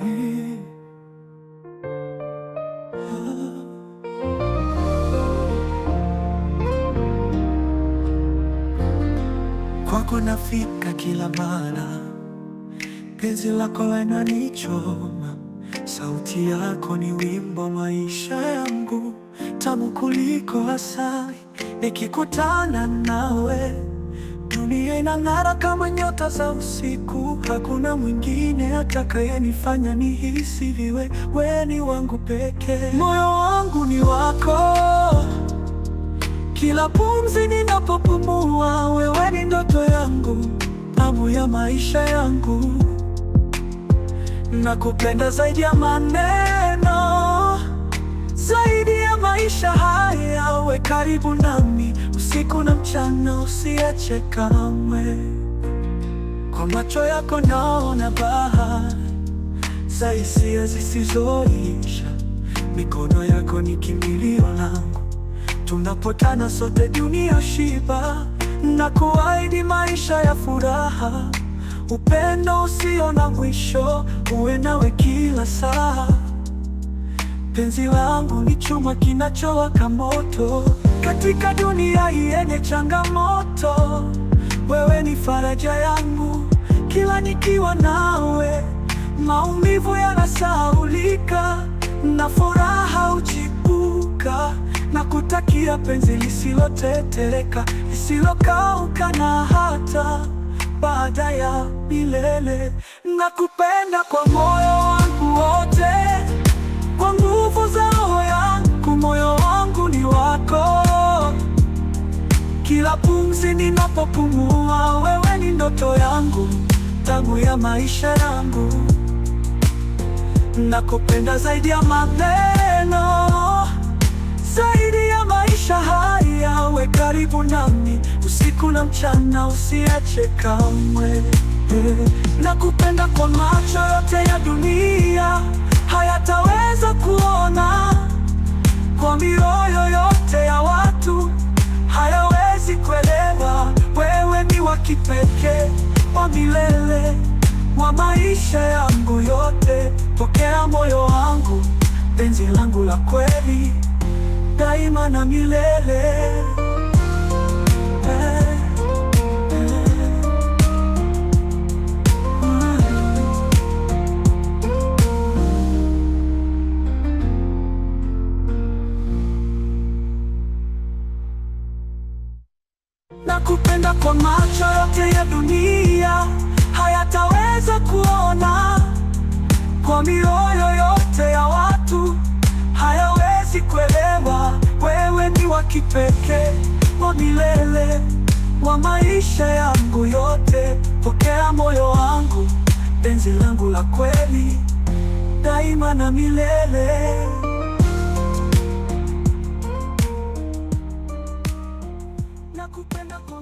Kwako nafika kila mara, penzi lako linanichoma, sauti yako ni wimbo maisha yangu, tamu kuliko asali, nikikutana nawe Dunia inang'ara kama nyota za usiku, hakuna mwingine atakayenifanya nihisi viwe weni ni wangu pekee. Moyo wangu ni wako, kila pumzi ninapopumua, wewe ni ndoto yangu, amu ya maisha yangu. Nakupenda zaidi ya maneno, zaidi ya maisha haya. we karibu nami mchana usiache kamwe. Kwa macho yako naona bahari za hisia zisizoisha, mikono yako ni kimbilio langu. Tunapotana sote dunia shiba, na kuahidi maisha ya furaha, upendo usio na mwisho, uwe nawe kila saa. Penzi wangu ni chuma kinachowaka moto katika dunia hii yenye changamoto, wewe ni faraja yangu kila nikiwa nawe. Maumivu yanasahaulika na furaha huchipuka, na kutakia penzi lisilotetereka, lisilokauka na hata baada ya milele, na kupenda kwa moyo pumzi ninapopumua, wewe ni ndoto yangu, tangu ya maisha yangu, nakupenda zaidi ya maneno, zaidi ya maisha haya, we karibu nami usiku na mchana, usiache kamwe, nakupenda kwa milele wa maisha yangu yote, pokea moyo wangu, penzi langu la kweli, daima na milele eh. Huenda kwa macho yote ya dunia hayataweza kuona, kwa mioyo yote ya watu hayawezi kuelewa. Wewe ni wa kipekee, wa milele, wa maisha yangu yote. Pokea moyo wangu, penzi langu la kweli, daima na milele. Nakupenda.